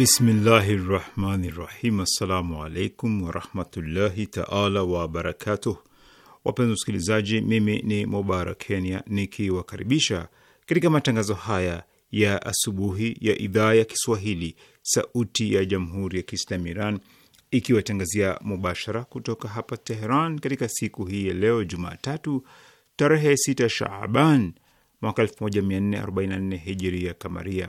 Bismillahi rahmani rahim. Assalamu alaikum warahmatullahi taala wabarakatuh. Wapenzi wasikilizaji, mimi ni Mubarak Kenya nikiwakaribisha katika matangazo haya ya asubuhi ya idhaa ya Kiswahili sauti ya jamhuri ya Kiislam Iran ikiwatangazia mubashara kutoka hapa Teheran katika siku hii ya leo Jumatatu tarehe 6 Shaaban mwaka 1444 hijiria kamaria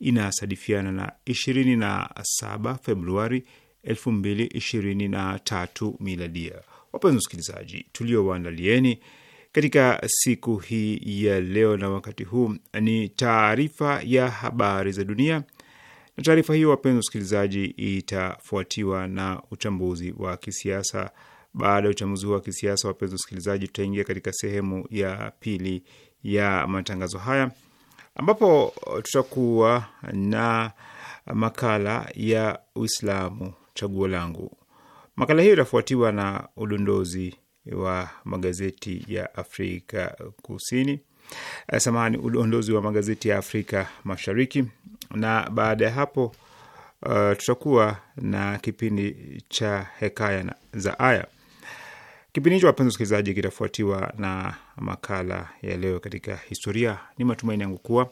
inasadifiana na 27 Februari 2023 miladia. Wapenzi wasikilizaji, tuliowaandalieni katika siku hii ya leo na wakati huu ni taarifa ya habari za dunia, na taarifa hiyo wapenzi wasikilizaji, itafuatiwa na uchambuzi wa kisiasa. Baada ya uchambuzi huo wa kisiasa, wapenzi wasikilizaji, tutaingia katika sehemu ya pili ya matangazo haya ambapo uh, tutakuwa na makala ya Uislamu chaguo langu. Makala hiyo itafuatiwa na udondozi wa magazeti ya Afrika Kusini, eh, samahani, udondozi wa magazeti ya Afrika Mashariki, na baada ya hapo uh, tutakuwa na kipindi cha hekaya za aya. Kipindi hicho wapenzi wasikilizaji, kitafuatiwa na makala ya leo katika historia. Ni matumaini yangu kuwa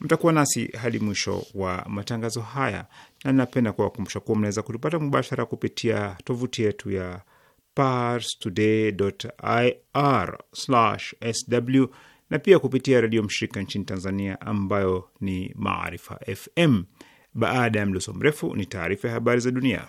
mtakuwa nasi hadi mwisho wa matangazo haya, na ninapenda kuwakumbusha kuwa mnaweza kutupata mubashara kupitia tovuti yetu ya parstoday.ir/sw na pia kupitia redio mshirika nchini Tanzania ambayo ni Maarifa FM. Baada ya mdoso mrefu, ni taarifa ya habari za dunia.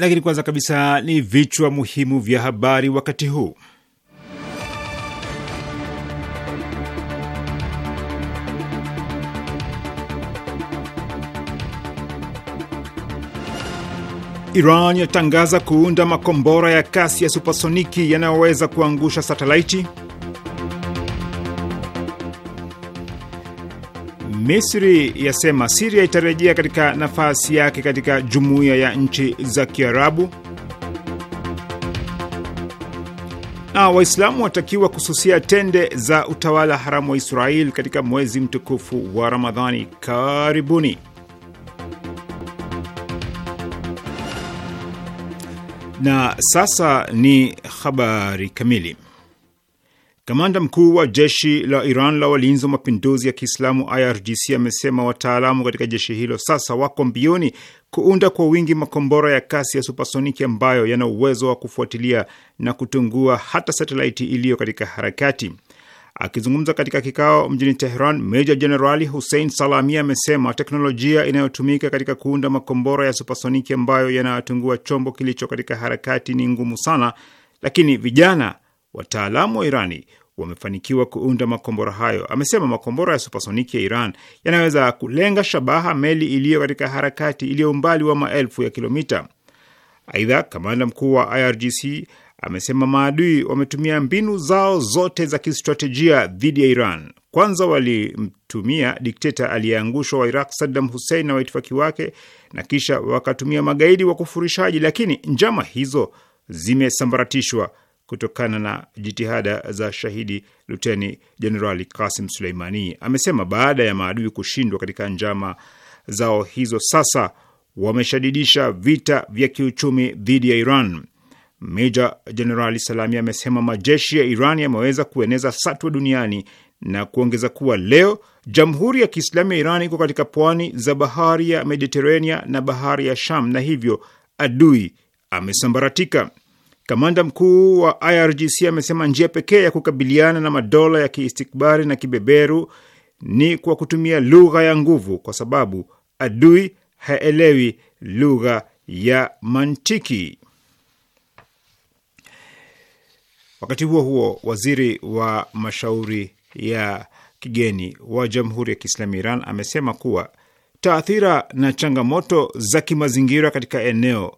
Lakini kwanza kabisa ni vichwa muhimu vya habari wakati huu. Iran yatangaza kuunda makombora ya kasi ya supasoniki yanayoweza kuangusha satelaiti. Misri yasema Siria itarejea katika nafasi yake katika jumuiya ya nchi za Kiarabu, na Waislamu watakiwa kususia tende za utawala haramu wa israel katika mwezi mtukufu wa Ramadhani. Karibuni. Na sasa ni habari kamili. Kamanda mkuu wa jeshi la Iran la walinzi wa mapinduzi ya Kiislamu IRGC amesema wataalamu katika jeshi hilo sasa wako mbioni kuunda kwa wingi makombora ya kasi ya supasoniki ambayo yana uwezo wa kufuatilia na kutungua hata satelaiti iliyo katika harakati. Akizungumza katika kikao mjini Tehran, meja jenerali Hussein Salami amesema teknolojia inayotumika katika kuunda makombora ya supasoniki ambayo yanatungua chombo kilicho katika harakati ni ngumu sana, lakini vijana wataalamu wa Irani wamefanikiwa kuunda makombora hayo. Amesema makombora ya supasoniki ya Iran yanaweza kulenga shabaha meli iliyo katika harakati iliyo umbali wa maelfu ya kilomita. Aidha, kamanda mkuu wa IRGC amesema maadui wametumia mbinu zao zote za kistratejia dhidi ya Iran. Kwanza walimtumia dikteta aliyeangushwa wa Iraq Saddam Hussein na waitifaki wake, na kisha wakatumia magaidi wa kufurishaji, lakini njama hizo zimesambaratishwa kutokana na jitihada za shahidi luteni jenerali Kasim Suleimani. Amesema baada ya maadui kushindwa katika njama zao hizo, sasa wameshadidisha vita vya kiuchumi dhidi ya Iran. Meja Jenerali Salami amesema majeshi ya Iran yameweza kueneza satwa duniani na kuongeza kuwa leo Jamhuri ya Kiislamu ya Iran iko katika pwani za bahari ya Mediterania na bahari ya Sham, na hivyo adui amesambaratika. Kamanda mkuu wa IRGC amesema njia pekee ya kukabiliana na madola ya kiistikbari na kibeberu ni kwa kutumia lugha ya nguvu, kwa sababu adui haelewi lugha ya mantiki. Wakati huo huo, waziri wa mashauri ya kigeni wa Jamhuri ya Kiislamu Iran amesema kuwa taathira na changamoto za kimazingira katika eneo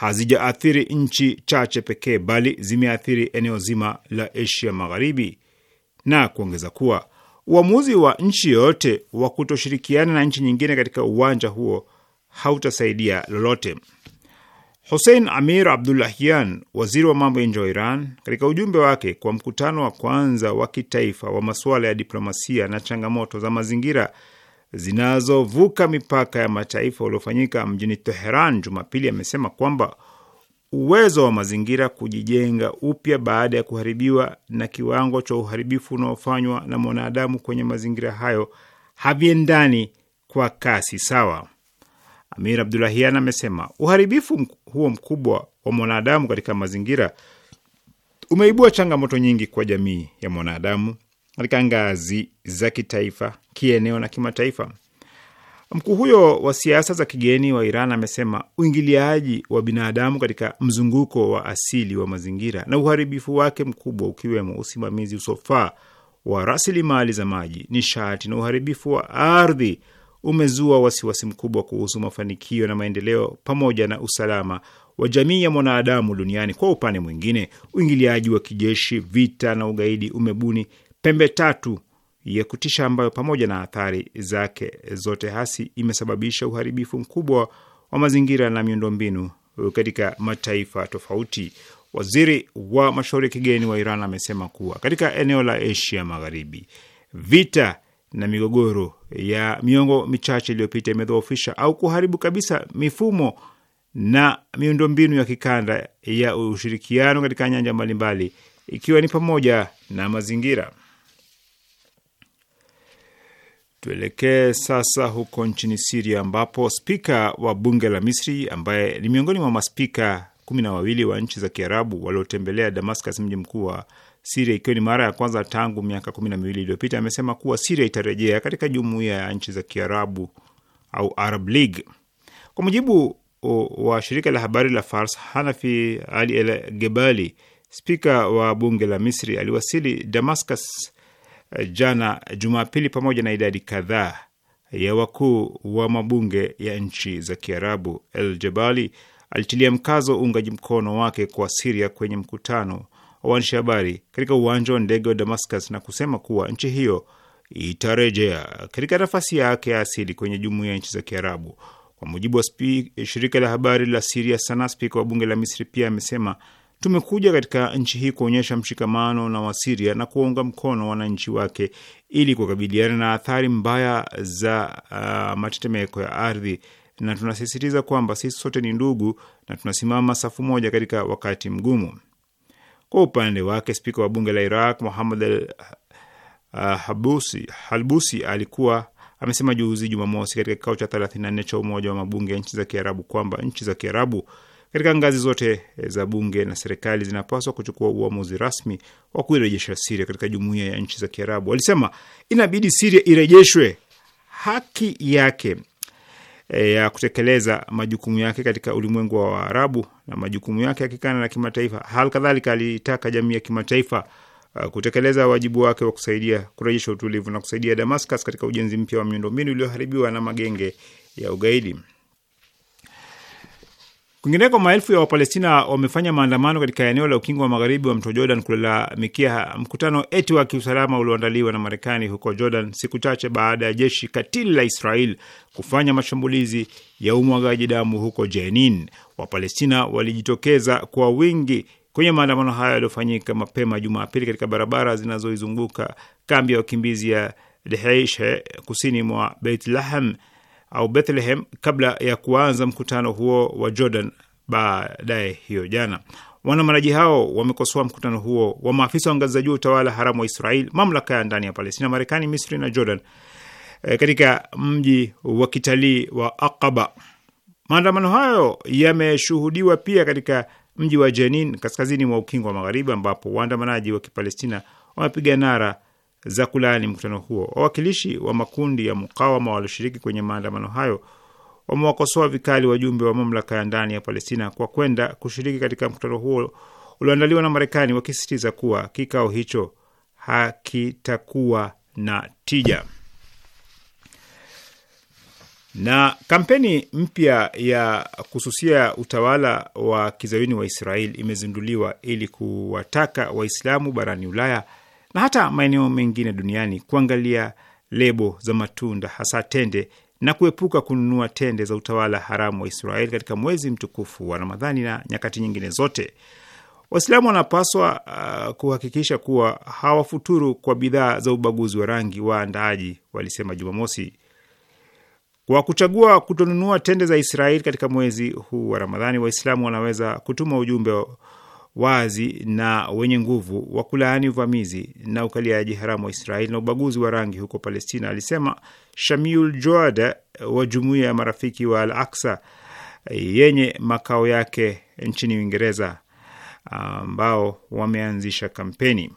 hazijaathiri nchi chache pekee, bali zimeathiri eneo zima la Asia Magharibi, na kuongeza kuwa uamuzi wa nchi yoyote wa kutoshirikiana na nchi nyingine katika uwanja huo hautasaidia lolote. Hussein Amir Abdullahian, waziri wa mambo ya nje wa Iran, katika ujumbe wake kwa mkutano wa kwanza wa kitaifa wa masuala ya diplomasia na changamoto za mazingira zinazovuka mipaka ya mataifa uliofanyika mjini Teheran Jumapili amesema kwamba uwezo wa mazingira kujijenga upya baada ya kuharibiwa na kiwango cha uharibifu unaofanywa na mwanadamu kwenye mazingira hayo haviendani kwa kasi sawa. Amir Abdulahian amesema uharibifu huo mkubwa wa mwanadamu katika mazingira umeibua changamoto nyingi kwa jamii ya mwanadamu katika ngazi za kitaifa, kieneo na kimataifa. Mkuu huyo wa siasa za kigeni wa Iran amesema uingiliaji wa binadamu katika mzunguko wa asili wa mazingira na uharibifu wake mkubwa, ukiwemo usimamizi usofaa wa rasilimali za maji, nishati na uharibifu wa ardhi, umezua wasiwasi mkubwa kuhusu mafanikio na maendeleo pamoja na usalama wa jamii ya mwanadamu duniani. Kwa upande mwingine, uingiliaji wa kijeshi, vita na ugaidi umebuni pembe tatu ya kutisha ambayo pamoja na athari zake zote hasi imesababisha uharibifu mkubwa wa mazingira na miundombinu katika mataifa tofauti. Waziri wa mashauri ya kigeni wa Iran amesema kuwa katika eneo la Asia Magharibi, vita na migogoro ya miongo michache iliyopita imedhoofisha au kuharibu kabisa mifumo na miundombinu ya kikanda ya ushirikiano katika nyanja mbalimbali, ikiwa ni pamoja na mazingira. Tuelekee sasa huko nchini Siria ambapo spika wa bunge la Misri ambaye ni miongoni mwa maspika kumi na wawili wa nchi za Kiarabu waliotembelea Damascus, mji mkuu wa Siria, ikiwa ni mara ya kwanza tangu miaka kumi na miwili iliyopita, amesema kuwa Siria itarejea katika jumuiya ya nchi za Kiarabu au Arab League. Kwa mujibu wa shirika la habari la Fars, Hanafi Ali El Gebali, spika wa bunge la Misri, aliwasili Damascus Eh, jana Jumapili, pamoja na idadi kadhaa ya wakuu wa mabunge ya nchi za Kiarabu. El Jabali alitilia mkazo uungaji mkono wake kwa Siria kwenye mkutano wa waandishi habari katika uwanja wa ndege wa Damascus na kusema kuwa nchi hiyo itarejea katika nafasi yake ya asili kwenye jumuiya ya nchi za Kiarabu. Kwa mujibu wa shirika la habari la Siria Sana, spika wa bunge la Misri pia amesema Tumekuja katika nchi hii kuonyesha mshikamano na Wasiria na kuwaunga mkono wananchi wake ili kukabiliana na athari mbaya za uh, matetemeko ya ardhi, na tunasisitiza kwamba sisi sote ni ndugu na tunasimama safu moja katika wakati mgumu. Kwa upande wake, spika wa bunge la Iraq Muhammad uh, Habusi, Halbusi alikuwa amesema juzi Jumamosi katika kikao cha 34 cha Umoja wa Mabunge ya Nchi za Kiarabu kwamba nchi za Kiarabu katika ngazi zote eh, za bunge na serikali zinapaswa kuchukua uamuzi rasmi wa kuirejesha Siria katika jumuiya ya nchi za Kiarabu. Walisema inabidi Siria irejeshwe haki yake eh, ya kutekeleza majukumu yake katika ulimwengu wa Waarabu na majukumu yake ya kikanda na kimataifa. Hal kadhalika alitaka jamii ya kimataifa eh, kutekeleza wajibu wake wa kusaidia kurejesha utulivu na kusaidia Damascus katika ujenzi mpya wa miundombinu iliyoharibiwa na magenge ya ugaidi. Kwingineko, maelfu ya Wapalestina wamefanya maandamano katika eneo la ukingo wa magharibi wa mto Jordan kulalamikia mkutano eti wa kiusalama ulioandaliwa na Marekani huko Jordan, siku chache baada ya jeshi katili la Israel kufanya mashambulizi ya umwagaji damu huko Jenin. Wapalestina walijitokeza kwa wingi kwenye maandamano hayo yaliyofanyika mapema Jumapili katika barabara zinazoizunguka kambi ya wakimbizi ya Dheheishe kusini mwa Beit Lahem au Bethlehem kabla ya kuanza mkutano huo wa Jordan baadaye hiyo jana. Waandamanaji hao wamekosoa mkutano huo wa maafisa wa ngazi za juu utawala haramu wa Israel, mamlaka ya ndani ya Palestina, Marekani, Misri na Jordan e, katika mji wa kitalii wa Aqaba. Maandamano hayo yameshuhudiwa pia katika mji wa Jenin kaskazini mwa ukingo wa Magharibi, ambapo waandamanaji wa Kipalestina wamepiga nara za kulaani mkutano huo. Wawakilishi wa makundi ya mukawama walioshiriki kwenye maandamano hayo wamewakosoa vikali wajumbe wa mamlaka ya ndani ya Palestina kwa kwenda kushiriki katika mkutano huo ulioandaliwa na Marekani, wakisisitiza kuwa kikao hicho hakitakuwa na tija. Na kampeni mpya ya kususia utawala wa kizayuni wa Israel imezinduliwa ili kuwataka Waislamu barani Ulaya na hata maeneo mengine duniani kuangalia lebo za matunda hasa tende na kuepuka kununua tende za utawala haramu wa Israeli katika mwezi mtukufu wa Ramadhani na nyakati nyingine zote. Waislamu wanapaswa uh, kuhakikisha kuwa hawafuturu kwa bidhaa za ubaguzi wa rangi, waandaaji walisema Jumamosi. Kwa kuchagua kutonunua tende za Israeli katika mwezi huu wa Ramadhani, Waislamu wanaweza kutuma ujumbe wazi na wenye nguvu wa kulaani uvamizi na ukaliaji haramu wa Israeli na ubaguzi wa rangi huko Palestina, alisema Shamiul Joad wa Jumuiya ya Marafiki wa Al Aksa yenye makao yake nchini Uingereza, ambao wameanzisha kampeni.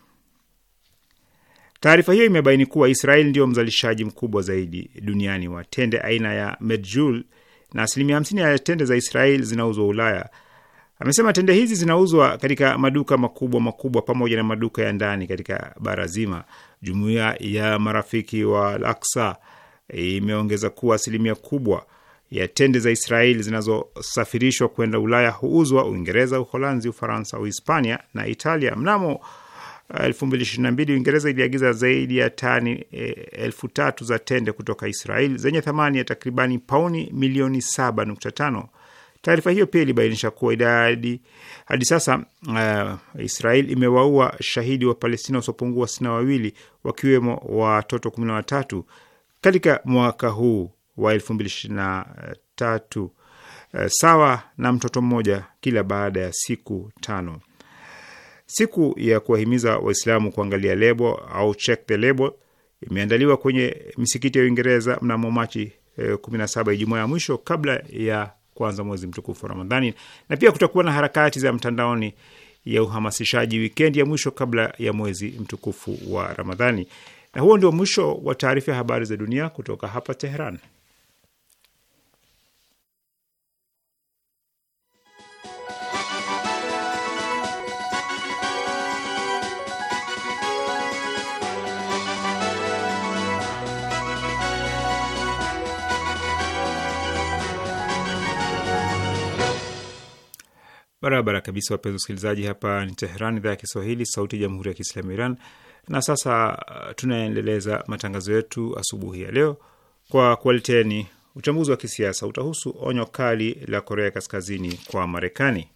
Taarifa hiyo imebaini kuwa Israeli ndio mzalishaji mkubwa zaidi duniani wa tende aina ya medjool na asilimia 50 ya tende za Israeli zinauzwa Ulaya Amesema tende hizi zinauzwa katika maduka makubwa makubwa pamoja na maduka ya ndani katika bara zima. Jumuiya ya Marafiki wa Al-Aqsa imeongeza kuwa asilimia kubwa ya tende za Israeli zinazosafirishwa kwenda Ulaya huuzwa Uingereza, Uholanzi, Ufaransa, Uhispania na Italia. Mnamo 2022 eh, Uingereza iliagiza zaidi ya tani eh, elfu tatu za tende kutoka Israeli zenye thamani ya takribani pauni milioni 7.5. Taarifa hiyo pia ilibainisha kuwa idadi hadi sasa uh, Israel imewaua shahidi wa Palestina wasiopungua sitini na wawili wakiwemo watoto kumi na watatu katika mwaka huu wa elfu mbili ishirini na tatu uh, sawa na mtoto mmoja kila baada ya siku tano. Siku ya kuwahimiza Waislamu kuangalia lebo au check the label imeandaliwa kwenye misikiti ya Uingereza mnamo Machi uh, na saba, Ijumaa ya mwisho kabla ya kuanza mwezi mtukufu wa Ramadhani, na pia kutakuwa na harakati za mtandaoni ya uhamasishaji wikendi ya mwisho kabla ya mwezi mtukufu wa Ramadhani. Na huo ndio mwisho wa taarifa ya habari za dunia kutoka hapa Teheran. Barabara kabisa, wapenzi wasikilizaji, hapa ni Teheran, idhaa ya Kiswahili, sauti ya jamhuri ya kiislamu ya Iran. Na sasa uh, tunaendeleza matangazo yetu asubuhi ya leo kwa kualiteni uchambuzi wa kisiasa. Utahusu onyo kali la Korea Kaskazini kwa Marekani.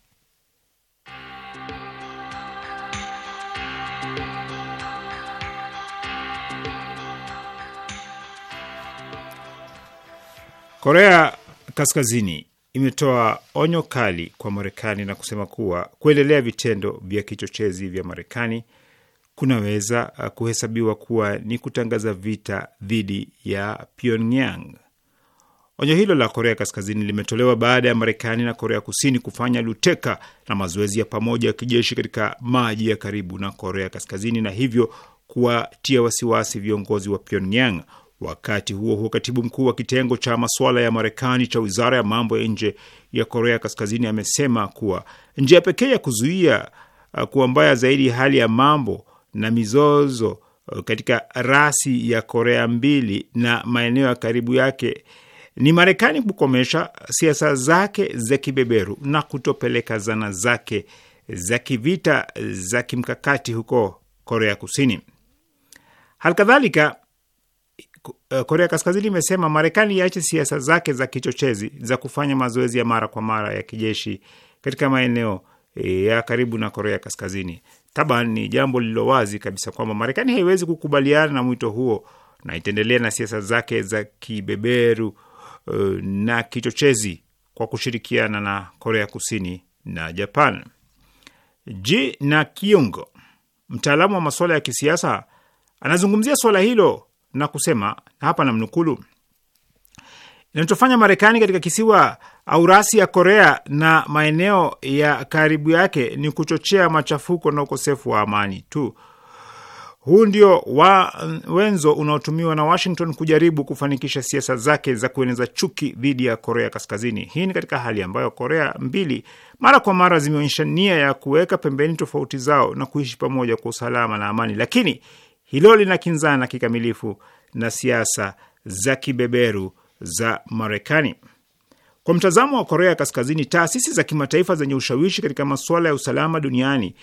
Korea Kaskazini imetoa onyo kali kwa Marekani na kusema kuwa kuendelea vitendo vya kichochezi vya Marekani kunaweza uh, kuhesabiwa kuwa ni kutangaza vita dhidi ya Pyongyang. Onyo hilo la Korea Kaskazini limetolewa baada ya Marekani na Korea Kusini kufanya luteka na mazoezi ya pamoja ya kijeshi katika maji ya karibu na Korea Kaskazini na hivyo kuwatia wasiwasi viongozi wa Pyongyang Wakati huo huo, katibu mkuu wa kitengo cha masuala ya Marekani cha wizara ya mambo ya nje ya Korea Kaskazini amesema kuwa njia pekee ya kuzuia uh, kuwa mbaya zaidi hali ya mambo na mizozo uh, katika rasi ya Korea mbili na maeneo ya karibu yake ni Marekani kukomesha siasa zake za kibeberu na kutopeleka zana zake za kivita za kimkakati huko Korea Kusini. Halikadhalika, Eh, Korea Kaskazini imesema Marekani iache siasa zake za kichochezi za kufanya mazoezi ya mara kwa mara ya kijeshi katika maeneo eh, ya karibu na Korea Kaskazini. Taban ni jambo lililo wazi kabisa kwamba Marekani haiwezi kukubaliana na mwito huo na itaendelea na siasa zake za kibeberu eh, na kichochezi kwa kushirikiana na Korea Kusini na Japan. Ji na Kiungo, mtaalamu wa masuala ya kisiasa, anazungumzia suala hilo na kusema hapa namnukulu, inachofanya Marekani katika kisiwa aurasi ya Korea na maeneo ya karibu yake ni kuchochea machafuko na ukosefu wa amani tu. Huu ndio wa wenzo unaotumiwa na Washington kujaribu kufanikisha siasa zake za kueneza chuki dhidi ya Korea Kaskazini. Hii ni katika hali ambayo Korea mbili mara kwa mara zimeonyesha nia ya kuweka pembeni tofauti zao na kuishi pamoja kwa usalama na amani, lakini hilo linakinzana kikamilifu na siasa za kibeberu za Marekani. Kwa mtazamo wa Korea Kaskazini, taasisi za kimataifa zenye ushawishi katika masuala ya usalama duniani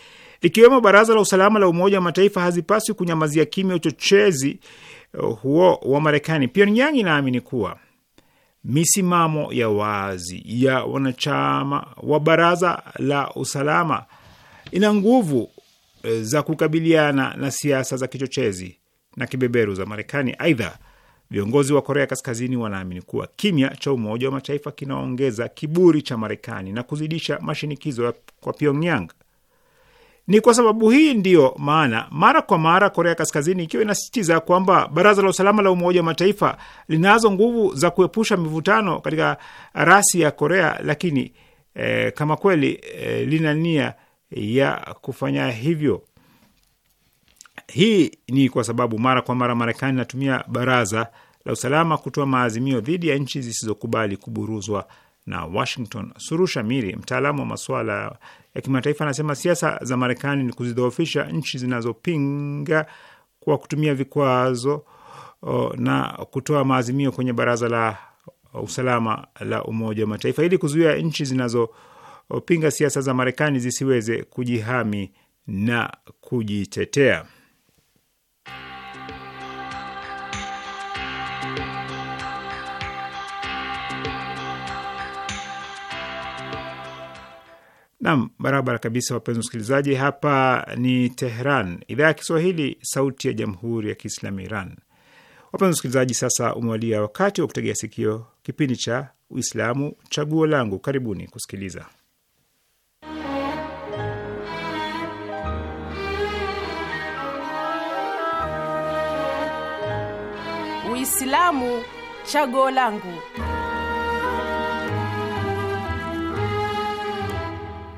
likiwemo Baraza la Usalama la Umoja wa Mataifa hazipaswi kunyamazia kimya uchochezi eh, huo wa Marekani. Pyongyang inaamini kuwa misimamo ya wazi ya wanachama wa Baraza la Usalama ina nguvu Eh, za kukabiliana na siasa za kichochezi na kibeberu za Marekani. Aidha, viongozi wa Korea Kaskazini wanaamini kuwa kimya cha Umoja wa Mataifa kinaongeza kiburi cha Marekani na kuzidisha mashinikizo kwa Pyongyang. Ni kwa sababu hii ndiyo maana mara kwa mara Korea Kaskazini ikiwa inasisitiza kwamba Baraza la Usalama la Umoja wa Mataifa linazo nguvu za kuepusha mivutano katika rasi ya Korea, lakini eh, kama kweli eh, lina nia ya kufanya hivyo. Hii ni kwa sababu mara kwa mara Marekani inatumia baraza la usalama kutoa maazimio dhidi ya nchi zisizokubali kuburuzwa na Washington. Suru Shamiri, mtaalamu wa masuala ya kimataifa, anasema siasa za Marekani ni kuzidhoofisha nchi zinazopinga kwa kutumia vikwazo na kutoa maazimio kwenye baraza la usalama la Umoja wa Mataifa ili kuzuia nchi zinazo kupinga siasa za Marekani zisiweze kujihami na kujitetea. Nam, barabara kabisa, wapenzi msikilizaji, hapa ni Tehran, idhaa ya Kiswahili, sauti ya jamhuri ya kiislamu Iran. Wapenzi msikilizaji, sasa umewalia wakati wa kutegea sikio kipindi cha Uislamu chaguo langu. Karibuni kusikiliza. Uislamu chaguo langu.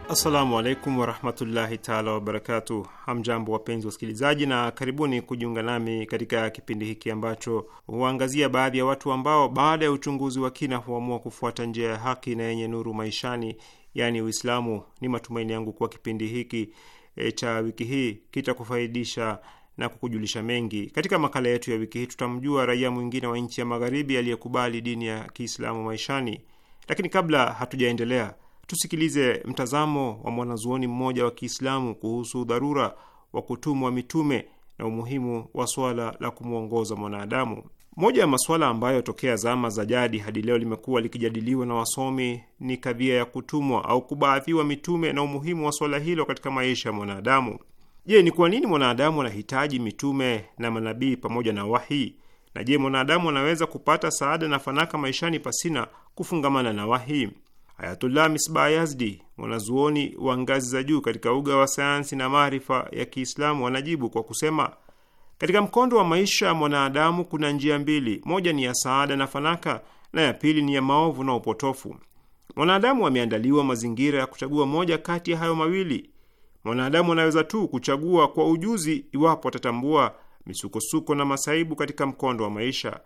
Assalamu alaikum warahmatullahi taala wabarakatu. Hamjambo wapenzi wasikilizaji, na karibuni kujiunga nami katika kipindi hiki ambacho huangazia baadhi ya watu ambao baada ya uchunguzi wa kina huamua kufuata njia ya haki na yenye nuru maishani, yaani Uislamu. Ni matumaini yangu kuwa kipindi hiki e, cha wiki hii kitakufaidisha na kukujulisha mengi. Katika makala yetu ya wiki hii tutamjua raia mwingine wa nchi ya magharibi aliyekubali dini ya Kiislamu maishani. Lakini kabla hatujaendelea, tusikilize mtazamo wa mwanazuoni mmoja wa Kiislamu kuhusu dharura wa kutumwa mitume na umuhimu wa swala la kumwongoza mwanadamu. Moja ya masuala ambayo tokea zama za jadi hadi leo limekuwa likijadiliwa na wasomi ni kadhia ya kutumwa au kubaadhiwa mitume na umuhimu wa swala hilo katika maisha ya mwanadamu. Je, ni kwa nini mwanadamu anahitaji mitume na manabii pamoja na wahi? Na je, mwanadamu anaweza kupata saada na fanaka maishani pasina kufungamana na wahi? Ayatullah Misbah Yazdi, mwanazuoni wa ngazi za juu katika uga wa sayansi na maarifa ya Kiislamu, anajibu kwa kusema, katika mkondo wa maisha ya mwanadamu kuna njia mbili, moja ni ya saada na fanaka na ya pili ni ya maovu na upotofu. Mwanadamu ameandaliwa mazingira ya kuchagua moja kati ya hayo mawili Mwanadamu anaweza tu kuchagua kwa ujuzi iwapo atatambua misukosuko na masaibu katika mkondo wa maisha.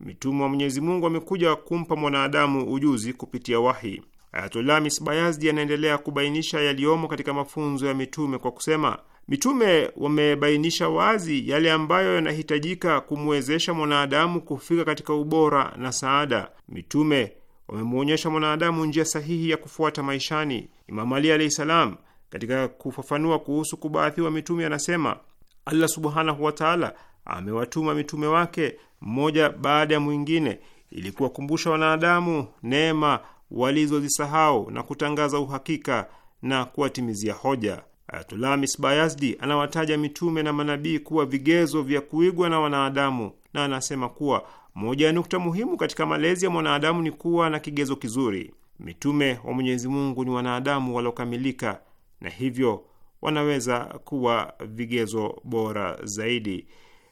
Mitume wa Mwenyezi Mungu amekuja kumpa mwanadamu ujuzi kupitia wahi. Ayatollah Misbayazdi anaendelea kubainisha yaliyomo katika mafunzo ya mitume kwa kusema, mitume wamebainisha wazi yale ambayo yanahitajika kumwezesha mwanadamu kufika katika ubora na saada. Mitume wamemwonyesha mwanadamu njia sahihi ya kufuata maishani. Imam Ali alahi salam katika kufafanua kuhusu kubaathiwa mitume, anasema Allah subhanahu wataala amewatuma mitume wake mmoja baada ya mwingine ili kuwakumbusha wanadamu neema walizozisahau na kutangaza uhakika na kuwatimizia hoja. Ayatullah Misbah Yazdi anawataja mitume na manabii kuwa vigezo vya kuigwa na wanadamu, na anasema kuwa moja ya nukta muhimu katika malezi ya mwanadamu ni kuwa na kigezo kizuri. Mitume wa Mwenyezi Mungu ni wanadamu waliokamilika na hivyo wanaweza kuwa vigezo bora zaidi.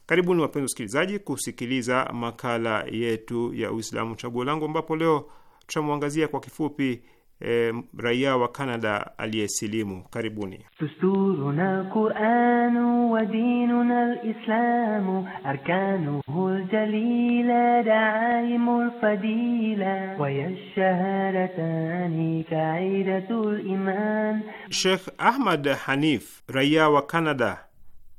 Karibuni wapenzi wasikilizaji, kusikiliza makala yetu ya Uislamu Chaguo Langu, ambapo leo tutamwangazia kwa kifupi e, raia wa Kanada aliyesilimu. Karibuni. Sheikh Ahmad Hanif, raia wa Kanada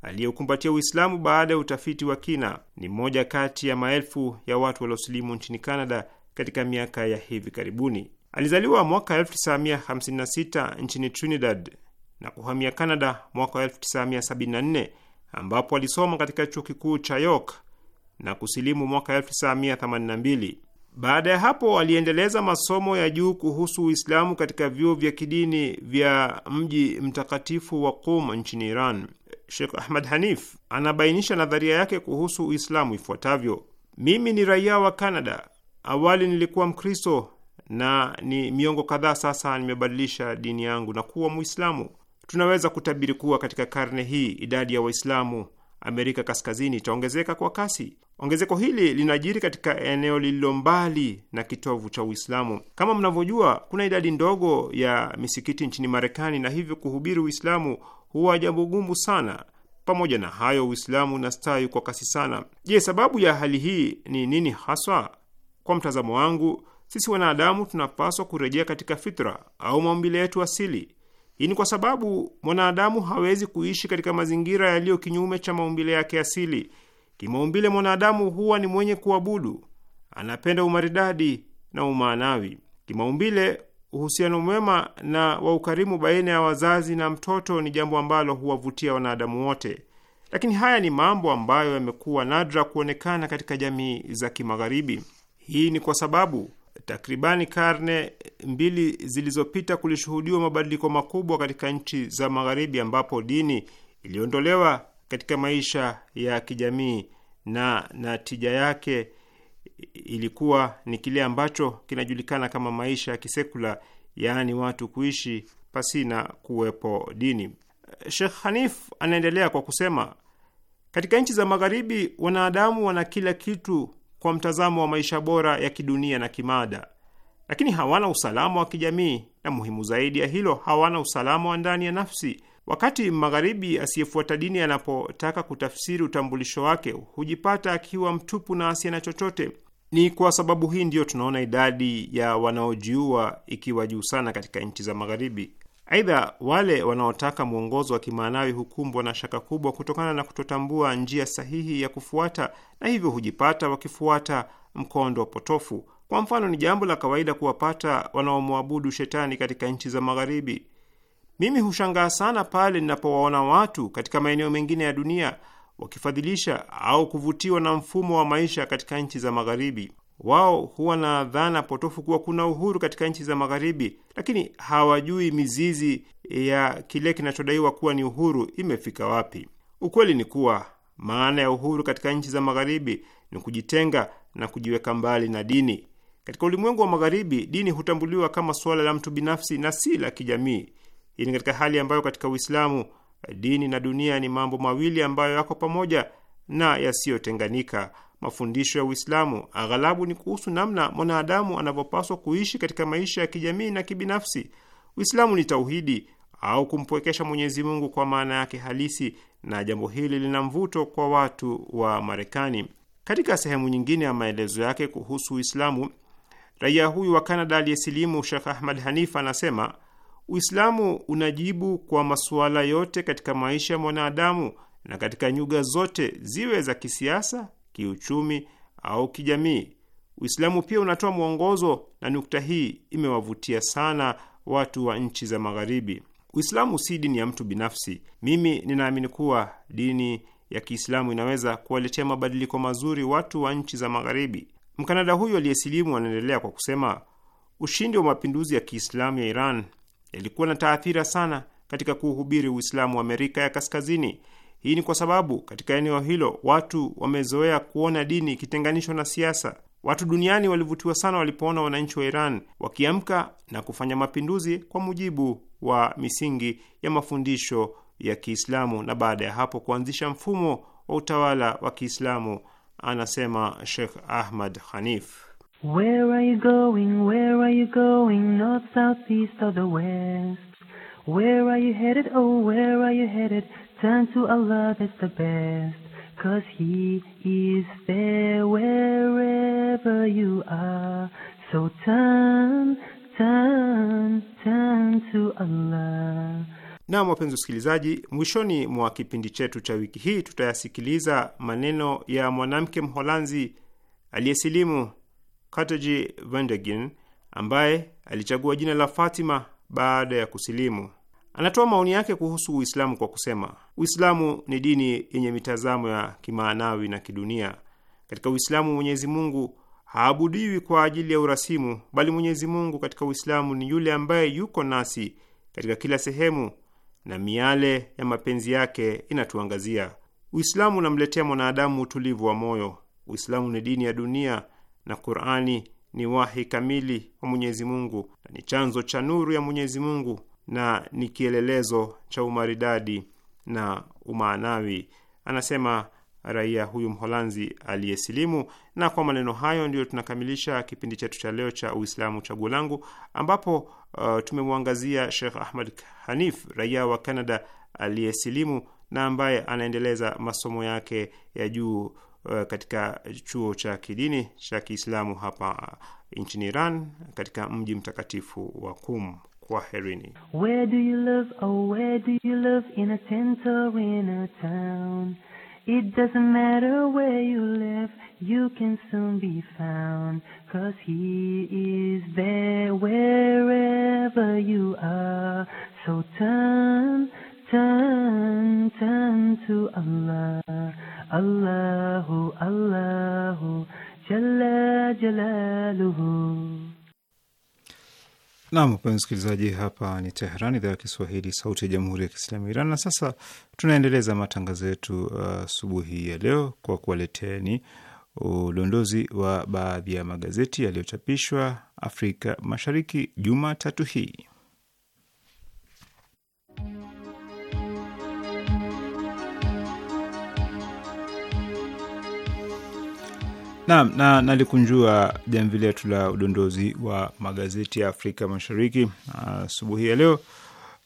aliyeukumbatia Uislamu baada ya utafiti wa kina, ni mmoja kati ya maelfu ya watu waliosilimu nchini canada katika miaka ya hivi karibuni. Alizaliwa mwaka 1956 nchini Trinidad na kuhamia Canada mwaka 1974 ambapo alisoma katika chuo kikuu cha York na kusilimu mwaka 1982. Baada ya hapo aliendeleza masomo ya juu kuhusu Uislamu katika vyuo vya kidini vya mji mtakatifu wa Qum nchini Iran. Sheikh Ahmad Hanif anabainisha nadharia yake kuhusu Uislamu ifuatavyo: mimi ni raia wa canada Awali nilikuwa Mkristo na ni miongo kadhaa sasa nimebadilisha dini yangu na kuwa Muislamu. Tunaweza kutabiri kuwa katika karne hii idadi ya Waislamu Amerika Kaskazini itaongezeka kwa kasi. Ongezeko hili linajiri katika eneo lililo mbali na kitovu cha Uislamu. Kama mnavyojua, kuna idadi ndogo ya misikiti nchini Marekani na hivyo kuhubiri Uislamu huwa jambo gumu sana. Pamoja na hayo, Uislamu unastawi kwa kasi sana. Je, sababu ya hali hii ni nini haswa? Kwa mtazamo wangu sisi wanadamu tunapaswa kurejea katika fitra au maumbile yetu asili. Hii ni kwa sababu mwanadamu hawezi kuishi katika mazingira yaliyo kinyume cha maumbile yake asili. Kimaumbile, mwanadamu huwa ni mwenye kuabudu, anapenda umaridadi na umaanawi. Kimaumbile, uhusiano mwema na wa ukarimu baina ya wazazi na mtoto ni jambo ambalo huwavutia wanadamu wote, lakini haya ni mambo ambayo yamekuwa nadra kuonekana katika jamii za Kimagharibi. Hii ni kwa sababu takribani karne mbili zilizopita kulishuhudiwa mabadiliko makubwa katika nchi za Magharibi, ambapo dini iliondolewa katika maisha ya kijamii na natija yake ilikuwa ni kile ambacho kinajulikana kama maisha ya kisekula, yaani watu kuishi pasina kuwepo dini. Sheikh Hanif anaendelea kwa kusema, katika nchi za Magharibi wanadamu wana kila kitu kwa mtazamo wa maisha bora ya kidunia na kimaada, lakini hawana usalama wa kijamii, na muhimu zaidi ya hilo, hawana usalama wa ndani ya nafsi. Wakati magharibi asiyefuata dini anapotaka kutafsiri utambulisho wake hujipata akiwa mtupu na asiye na chochote. Ni kwa sababu hii ndiyo tunaona idadi ya wanaojiua ikiwa juu sana katika nchi za magharibi. Aidha, wale wanaotaka mwongozo wa kimaanawi hukumbwa na shaka kubwa kutokana na kutotambua njia sahihi ya kufuata na hivyo hujipata wakifuata mkondo potofu. Kwa mfano, ni jambo la kawaida kuwapata wanaomwabudu shetani katika nchi za Magharibi. Mimi hushangaa sana pale ninapowaona watu katika maeneo mengine ya dunia wakifadhilisha au kuvutiwa na mfumo wa maisha katika nchi za Magharibi wao huwa na dhana potofu kuwa kuna uhuru katika nchi za Magharibi, lakini hawajui mizizi ya kile kinachodaiwa kuwa ni uhuru imefika wapi. Ukweli ni kuwa maana ya uhuru katika nchi za Magharibi ni kujitenga na kujiweka mbali na dini. Katika ulimwengu wa Magharibi, dini hutambuliwa kama suala la mtu binafsi na si la kijamii. Hii ni katika hali ambayo katika Uislamu dini na dunia ni mambo mawili ambayo yako pamoja na yasiyotenganika mafundisho ya Uislamu aghalabu ni kuhusu namna mwanadamu anavyopaswa kuishi katika maisha ya kijamii na kibinafsi. Uislamu ni tauhidi au kumpwekesha Mwenyezi Mungu kwa maana yake halisi, na jambo hili lina mvuto kwa watu wa Marekani. Katika sehemu nyingine ya maelezo yake kuhusu Uislamu, raia huyu wa Kanada aliyesilimu Shekh Ahmad Hanifa anasema Uislamu unajibu kwa masuala yote katika maisha ya mwanadamu na katika nyuga zote, ziwe za kisiasa, kiuchumi au kijamii. Uislamu pia unatoa mwongozo, na nukta hii imewavutia sana watu wa nchi za Magharibi. Uislamu si dini ya mtu binafsi. Mimi ninaamini kuwa dini ya Kiislamu inaweza kuwaletea mabadiliko mazuri watu wa nchi za Magharibi. Mkanada huyu aliyesilimu anaendelea kwa kusema, ushindi wa mapinduzi ya Kiislamu ya Iran yalikuwa na taathira sana katika kuuhubiri Uislamu wa Amerika ya Kaskazini. Hii ni kwa sababu katika eneo hilo watu wamezoea kuona dini ikitenganishwa na siasa. Watu duniani walivutiwa sana walipoona wananchi wa Iran wakiamka na kufanya mapinduzi kwa mujibu wa misingi ya mafundisho ya Kiislamu na baada ya hapo kuanzisha mfumo wa utawala wa Kiislamu, anasema Sheikh Ahmad Hanif. Where are you Turn to Allah, that's the best. Cause He is there wherever you are. So turn, turn, turn to Allah. Naam, wapenzi wasikilizaji, mwishoni mwa kipindi chetu cha wiki hii tutayasikiliza maneno ya mwanamke Mholanzi aliyesilimu Kateji Vendegin ambaye alichagua jina la Fatima baada ya kusilimu. Anatoa maoni yake kuhusu Uislamu kwa kusema, Uislamu ni dini yenye mitazamo ya kimaanawi na kidunia. Katika Uislamu Mwenyezi Mungu haabudiwi kwa ajili ya urasimu, bali Mwenyezi Mungu katika Uislamu ni yule ambaye yuko nasi katika kila sehemu na miale ya mapenzi yake inatuangazia. Uislamu unamletea mwanadamu utulivu wa moyo. Uislamu ni dini ya dunia na Qurani ni wahi kamili wa Mwenyezi Mungu na ni chanzo cha nuru ya Mwenyezi Mungu na ni kielelezo cha umaridadi na umaanawi, anasema raia huyu Mholanzi aliyesilimu. Na kwa maneno hayo ndio tunakamilisha kipindi chetu cha leo cha Uislamu Chaguo Langu, ambapo uh, tumemwangazia Sheikh Ahmad Hanif, raia wa Canada aliyesilimu na ambaye anaendeleza masomo yake ya juu uh, katika chuo cha kidini cha Kiislamu hapa nchini Iran katika mji mtakatifu wa Qum. Kwaherini. Where do you live? Oh, where do you live? In a tent or in a town? It doesn't matter where you live, you can soon be found. Cause he is there wherever you are. So turn, turn, turn to Allah. Allahu, Allahu, Jalla Jalaluhu. Nam wapenzi msikilizaji, hapa ni Teheran, idhaa ya Kiswahili, sauti ya jamhuri ya kiislamu ya Iran. Na sasa tunaendeleza matangazo yetu uh, asubuhi uh, ya leo kwa kuwaleteni udondozi wa baadhi ya magazeti yaliyochapishwa Afrika Mashariki Jumatatu hii. Naam, na nalikunjua jamvi letu la udondozi wa magazeti ya Afrika Mashariki uh, asubuhi uh, ya leo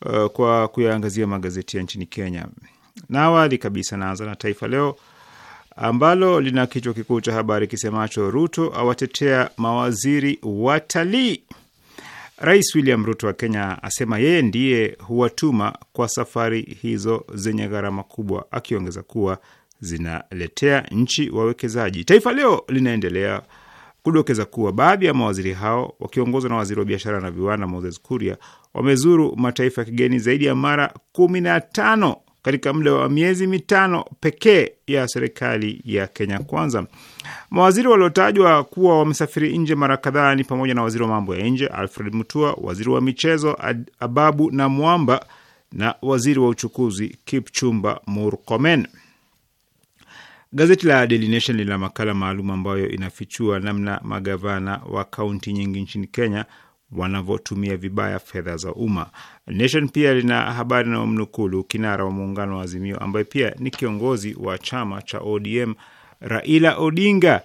uh, kwa kuyaangazia magazeti ya nchini Kenya, na awali kabisa naanza na Taifa Leo ambalo lina kichwa kikuu cha habari kisemacho Ruto awatetea mawaziri watalii. Rais William Ruto wa Kenya asema yeye ndiye huwatuma kwa safari hizo zenye gharama kubwa, akiongeza kuwa zinaletea nchi wawekezaji. Taifa Leo linaendelea kudokeza kuwa baadhi ya mawaziri hao wakiongozwa na waziri wa biashara na viwanda Moses Kuria wamezuru mataifa ya kigeni zaidi ya mara kumi na tano katika muda wa miezi mitano pekee ya serikali ya Kenya Kwanza. Mawaziri waliotajwa kuwa wamesafiri nje mara kadhaa ni pamoja na waziri wa mambo ya nje Alfred Mutua, waziri wa michezo Ababu na Mwamba na waziri wa uchukuzi Kipchumba Murkomen. Gazeti la Daily Nation lina makala maalum ambayo inafichua namna magavana wa kaunti nyingi nchini Kenya wanavyotumia vibaya fedha za umma. Nation pia lina habari na mnukulu kinara wa muungano wa Azimio ambaye pia ni kiongozi wa chama cha ODM Raila Odinga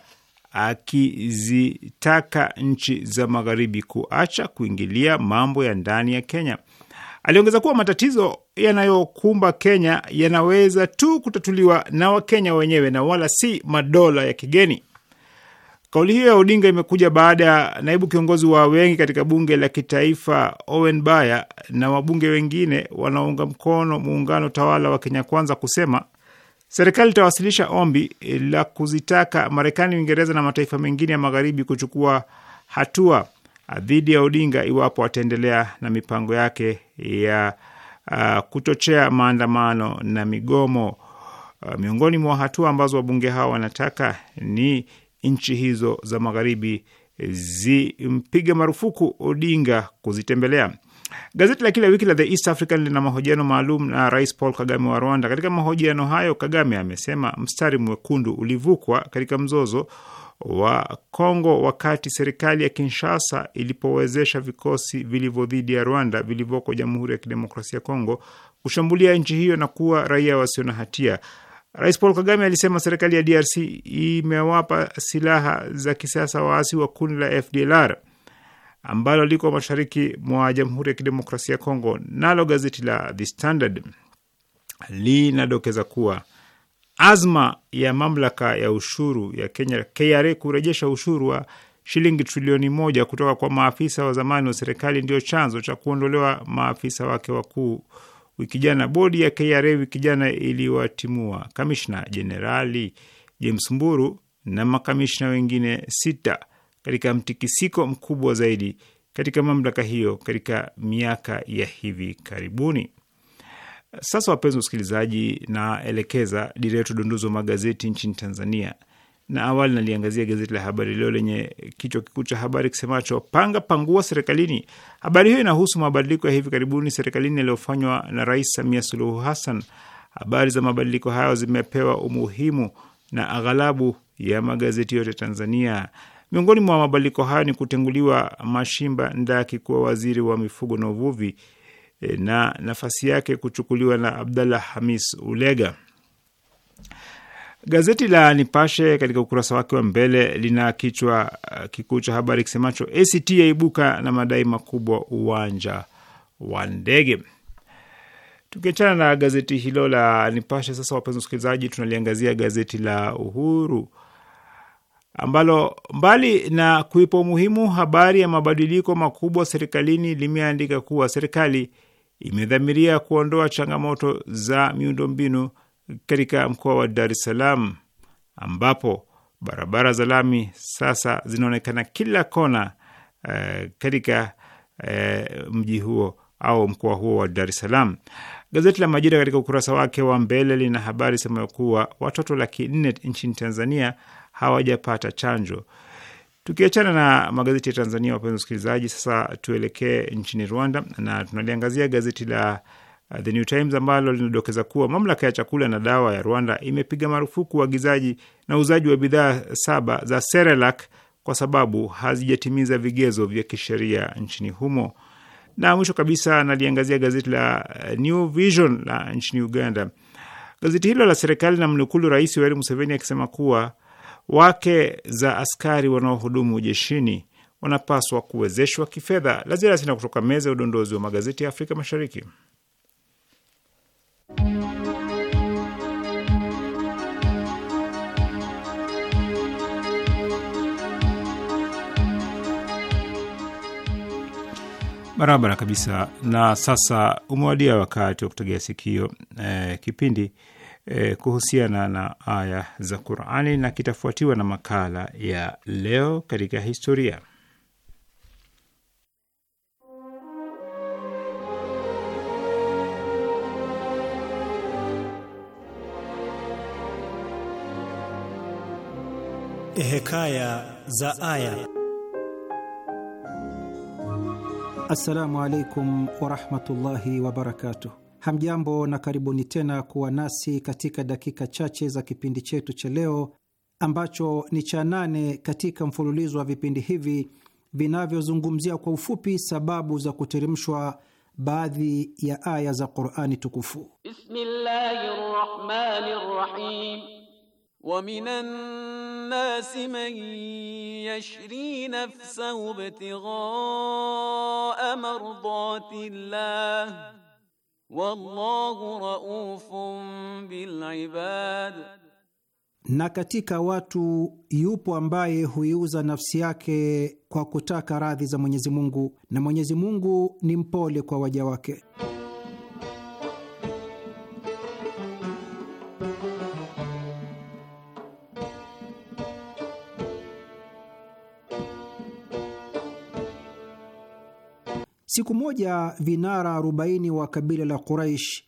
akizitaka nchi za magharibi kuacha kuingilia mambo ya ndani ya Kenya. Aliongeza kuwa matatizo yanayokumba Kenya yanaweza tu kutatuliwa na Wakenya wenyewe na wala si madola ya kigeni. Kauli hiyo ya Odinga imekuja baada ya naibu kiongozi wa wengi katika bunge la kitaifa Owen Baya na wabunge wengine wanaounga mkono muungano tawala wa Kenya Kwanza kusema serikali itawasilisha ombi la kuzitaka Marekani, Uingereza na mataifa mengine ya magharibi kuchukua hatua Uh, dhidi ya Odinga iwapo ataendelea na mipango yake ya uh, kuchochea maandamano na migomo. Uh, miongoni mwa hatua ambazo wabunge hao wanataka ni nchi hizo za magharibi zimpiga marufuku Odinga kuzitembelea. Gazeti la kila wiki la The East African lina mahojiano maalum na Rais Paul Kagame wa Rwanda. Katika mahojiano hayo, Kagame amesema mstari mwekundu ulivukwa katika mzozo wa Kongo wakati serikali ya Kinshasa ilipowezesha vikosi vilivyo dhidi ya Rwanda vilivyoko Jamhuri ya Kidemokrasia ya Kongo kushambulia nchi hiyo na kuwa raia wasio na hatia. Rais Paul Kagame alisema serikali ya DRC imewapa silaha za kisasa waasi wa kundi la FDLR ambalo liko mashariki mwa Jamhuri ya Kidemokrasia ya Kongo. Nalo gazeti la The Standard linadokeza kuwa azma ya mamlaka ya ushuru ya Kenya KRA kurejesha ushuru wa shilingi trilioni moja kutoka kwa maafisa wa zamani wa serikali ndio chanzo cha kuondolewa maafisa wake wakuu wiki jana. Bodi ya KRA wiki jana iliwatimua kamishna jenerali James Mburu na makamishna wengine sita katika mtikisiko mkubwa zaidi katika mamlaka hiyo katika miaka ya hivi karibuni. Sasa wapenzi wasikilizaji, naelekeza dira yetu dunduzi wa magazeti nchini Tanzania, na awali naliangazia gazeti la Habari Leo lenye kichwa kikuu cha habari kisemacho panga pangua serikalini. Habari hiyo inahusu mabadiliko ya hivi karibuni serikalini yaliyofanywa na Rais Samia Suluhu Hassan. Habari za mabadiliko hayo zimepewa umuhimu na aghalabu ya magazeti yote Tanzania. Miongoni mwa mabadiliko hayo ni kutenguliwa Mashimba Ndaki kuwa waziri wa mifugo na uvuvi E, na nafasi yake kuchukuliwa na Abdallah Hamis Ulega. Gazeti la Nipashe katika ukurasa wake wa mbele lina kichwa uh, kikuu cha habari kisemacho ACT yaibuka na madai makubwa uwanja wa ndege. Tukiachana na gazeti hilo la Nipashe, sasa wapenzi wasikilizaji, tunaliangazia gazeti la Uhuru ambalo mbali na kuipa umuhimu habari ya mabadiliko makubwa serikalini limeandika kuwa serikali imedhamiria kuondoa changamoto za miundombinu katika mkoa wa Dar es Salaam ambapo barabara za lami sasa zinaonekana kila kona uh, katika uh, mji huo au mkoa huo wa Dar es Salaam. Gazeti la Majira katika ukurasa wake wa mbele lina habari sema kuwa watoto laki nne nchini Tanzania hawajapata chanjo. Tukiachana na magazeti ya Tanzania, wapenzi wasikilizaji, sasa tuelekee nchini Rwanda na tunaliangazia gazeti la uh, The New Times ambalo linadokeza kuwa mamlaka ya chakula na dawa ya Rwanda imepiga marufuku uagizaji na uuzaji wa bidhaa saba za Cerelac kwa sababu hazijatimiza vigezo vya kisheria nchini humo. Na mwisho kabisa naliangazia gazeti la uh, New Vision la nchini Uganda. Gazeti hilo la serikali na mnukulu Rais Yoweri Museveni akisema kuwa wake za askari wanaohudumu jeshini wanapaswa kuwezeshwa kifedha. La ziada sina kutoka meza ya udondozi wa magazeti ya Afrika Mashariki. Barabara kabisa. Na sasa umewadia wakati wa kutegea sikio eh, kipindi e, kuhusiana na aya za Qurani na kitafuatiwa na makala ya leo katika historia. Hekaya za aya. Assalamu alaikum warahmatullahi wabarakatuh. Hamjambo na karibuni tena kuwa nasi katika dakika chache za kipindi chetu cha leo ambacho ni cha nane katika mfululizo wa vipindi hivi vinavyozungumzia kwa ufupi sababu za kuteremshwa baadhi ya aya za Qur'ani tukufu. Bismillahir Rahmanir Rahim. Wa minan nasi man yashri nafsahu ibtigha'a mardatillah wallahu raufun bil ibad, na katika watu yupo ambaye huiuza nafsi yake kwa kutaka radhi za Mwenyezi Mungu, na Mwenyezi Mungu ni mpole kwa waja wake. Siku moja vinara 40 wa kabila la Quraish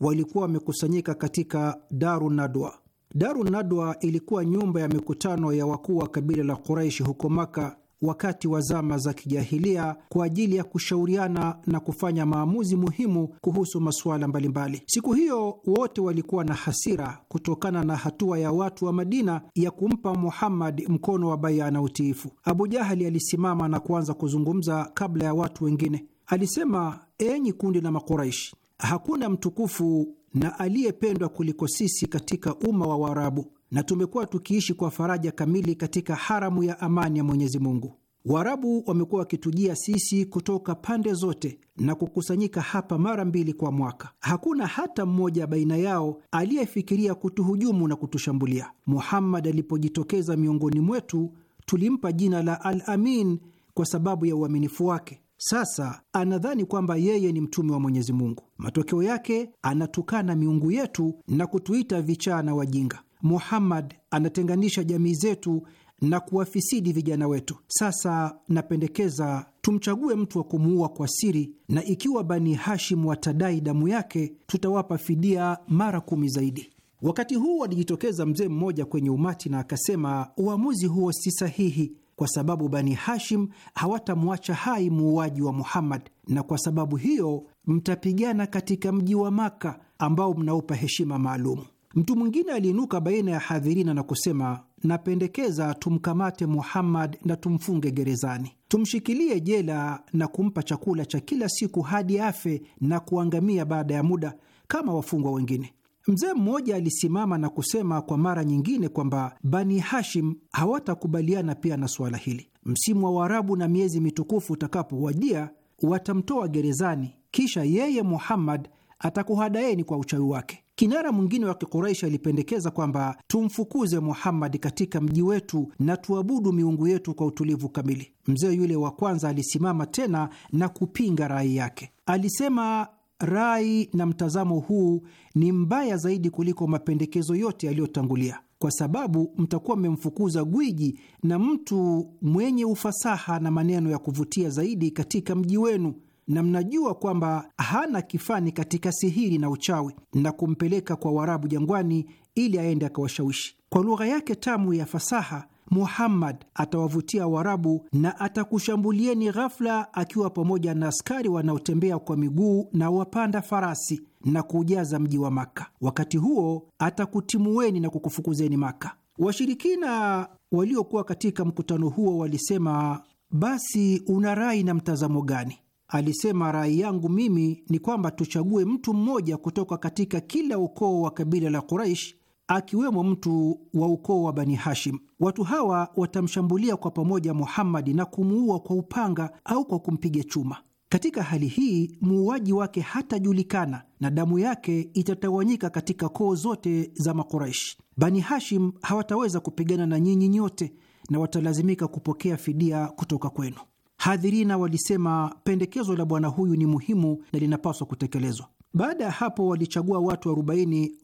walikuwa wamekusanyika katika Daru Nadwa. Daru Nadwa ilikuwa nyumba ya mikutano ya wakuu wa kabila la Quraishi huko Maka, wakati wa zama za kijahilia kwa ajili ya kushauriana na kufanya maamuzi muhimu kuhusu masuala mbalimbali. Siku hiyo wote walikuwa na hasira kutokana na hatua ya watu wa Madina ya kumpa Muhammad mkono wa baia na utiifu. Abu Jahali alisimama na kuanza kuzungumza kabla ya watu wengine. Alisema, enyi kundi la Makuraishi, hakuna mtukufu na aliyependwa kuliko sisi katika umma wa Waarabu na tumekuwa tukiishi kwa faraja kamili katika haramu ya amani ya Mwenyezi Mungu. Waarabu wamekuwa wakitujia sisi kutoka pande zote na kukusanyika hapa mara mbili kwa mwaka. Hakuna hata mmoja baina yao aliyefikiria kutuhujumu na kutushambulia. Muhammad alipojitokeza miongoni mwetu, tulimpa jina la Al-Amin kwa sababu ya uaminifu wake. Sasa anadhani kwamba yeye ni mtume wa Mwenyezi Mungu. Matokeo yake anatukana miungu yetu na kutuita vichaa na wajinga. Muhammad anatenganisha jamii zetu na kuwafisidi vijana wetu. Sasa napendekeza tumchague mtu wa kumuua kwa siri, na ikiwa Bani Hashim watadai damu yake, tutawapa fidia mara kumi zaidi. Wakati huu alijitokeza mzee mmoja kwenye umati na akasema, uamuzi huo si sahihi, kwa sababu Bani Hashim hawatamwacha hai muuaji wa Muhammad, na kwa sababu hiyo mtapigana katika mji wa Maka ambao mnaupa heshima maalumu. Mtu mwingine aliinuka baina ya hadhirina na kusema, napendekeza tumkamate Muhammad na tumfunge gerezani, tumshikilie jela na kumpa chakula cha kila siku hadi afe na kuangamia baada ya muda kama wafungwa wengine. Mzee mmoja alisimama na kusema kwa mara nyingine kwamba Bani Hashim hawatakubaliana pia na suala hili. Msimu wa Waarabu na miezi mitukufu utakapowadia, watamtoa gerezani, kisha yeye Muhammad atakuhadaeni kwa uchawi wake. Kinara mwingine wa Kikuraishi alipendekeza kwamba tumfukuze Muhammad katika mji wetu na tuabudu miungu yetu kwa utulivu kamili. Mzee yule wa kwanza alisimama tena na kupinga rai yake. Alisema rai na mtazamo huu ni mbaya zaidi kuliko mapendekezo yote yaliyotangulia, kwa sababu mtakuwa mmemfukuza gwiji na mtu mwenye ufasaha na maneno ya kuvutia zaidi katika mji wenu na mnajua kwamba hana kifani katika sihiri na uchawi, na kumpeleka kwa Waarabu jangwani ili aende akawashawishi. Kwa lugha yake tamu ya fasaha, Muhammad atawavutia Waarabu na atakushambulieni ghafla akiwa pamoja na askari wanaotembea kwa miguu na wapanda farasi na kuujaza mji wa Maka. Wakati huo atakutimueni na kukufukuzeni Maka. Washirikina waliokuwa katika mkutano huo walisema, basi una rai na mtazamo gani? Alisema, rai yangu mimi ni kwamba tuchague mtu mmoja kutoka katika kila ukoo wa kabila la Quraish, akiwemo mtu wa ukoo wa Bani Hashim. Watu hawa watamshambulia kwa pamoja Muhammadi na kumuua kwa upanga au kwa kumpiga chuma. Katika hali hii muuaji wake hatajulikana na damu yake itatawanyika katika koo zote za Makuraishi. Bani Hashim hawataweza kupigana na nyinyi nyote na watalazimika kupokea fidia kutoka kwenu. Hadhirina walisema pendekezo la bwana huyu ni muhimu na linapaswa kutekelezwa. Baada ya hapo walichagua watu wa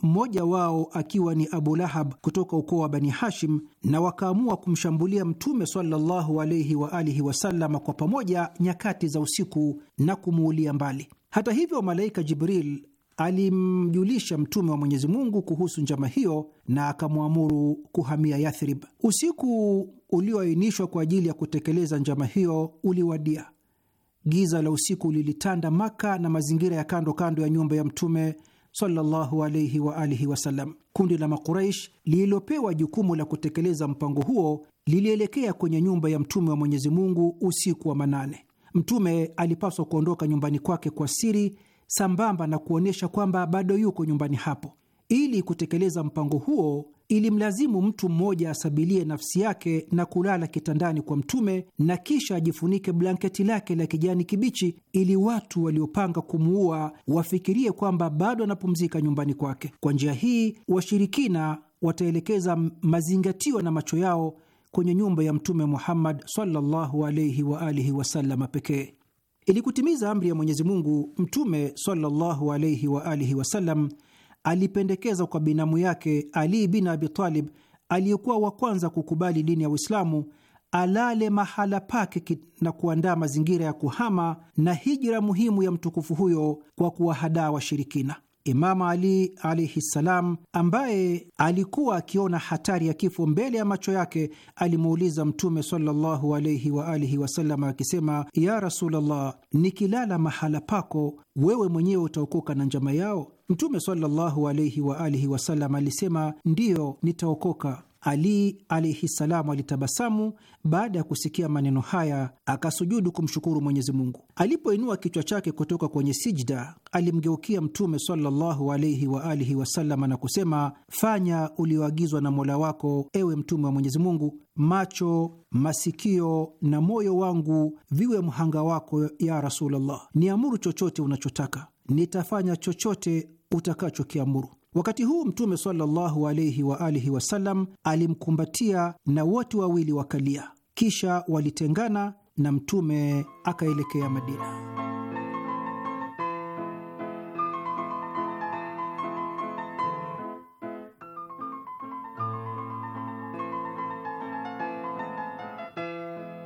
mmoja wao akiwa ni Abu Lahab kutoka ukoo wa Bani Hashim, na wakaamua kumshambulia Mtume sallallahu alaihi wa alihi wasallam kwa pamoja nyakati za usiku na kumuulia mbali. Hata hivyo, malaika Jibril alimjulisha Mtume wa Mwenyezi Mungu kuhusu njama hiyo na akamwamuru kuhamia Yathrib. Usiku ulioainishwa kwa ajili ya kutekeleza njama hiyo uliwadia. Giza la usiku lilitanda Maka na mazingira ya kando kando ya nyumba ya Mtume sallallahu wa alihi wasallam. Kundi la Makuraish lililopewa jukumu la kutekeleza mpango huo lilielekea kwenye nyumba ya Mtume wa Mwenyezi Mungu usiku wa manane. Mtume alipaswa kuondoka nyumbani kwake kwa siri sambamba na kuonyesha kwamba bado yuko nyumbani hapo. Ili kutekeleza mpango huo, ilimlazimu mtu mmoja asabilie nafsi yake na kulala kitandani kwa Mtume na kisha ajifunike blanketi lake la kijani kibichi, ili watu waliopanga kumuua wafikirie kwamba bado anapumzika nyumbani kwake. Kwa njia hii, washirikina wataelekeza mazingatio na macho yao kwenye nyumba ya Mtume Muhammad sallallahu pekee. Ili kutimiza amri ya Mwenyezi Mungu, Mtume sallallahu alayhi wa alihi wasallam alipendekeza kwa binamu yake Ali bin Abi Talib aliyekuwa wa kwanza kukubali dini ya Uislamu alale mahala pake na kuandaa mazingira ya kuhama na hijra muhimu ya mtukufu huyo kwa kuwahadaa washirikina. Imamu Ali alaihi ssalam, ambaye alikuwa akiona hatari ya kifo mbele ya macho yake, alimuuliza Mtume sallallahu alaihi alihi wasallam akisema, ya Rasulallah, nikilala mahala pako wewe mwenyewe utaokoka na njama yao? Mtume sallallahu alaihi alihi wasallam alisema, ndiyo, nitaokoka. Ali alaihi salamu alitabasamu baada ya kusikia maneno haya, akasujudu kumshukuru Mwenyezi Mungu. Alipoinua kichwa chake kutoka kwenye sijda, alimgeukia Mtume sallallahu alaihi waalihi wasalama na kusema, fanya ulioagizwa na mola wako, ewe Mtume wa Mwenyezi Mungu, macho, masikio na moyo wangu viwe mhanga wako, ya Rasulullah. Niamuru chochote unachotaka, nitafanya chochote utakachokiamuru. Wakati huu Mtume sallallahu alaihi wa alihi wasallam alimkumbatia na wote wawili wakalia, kisha walitengana na Mtume akaelekea Madina.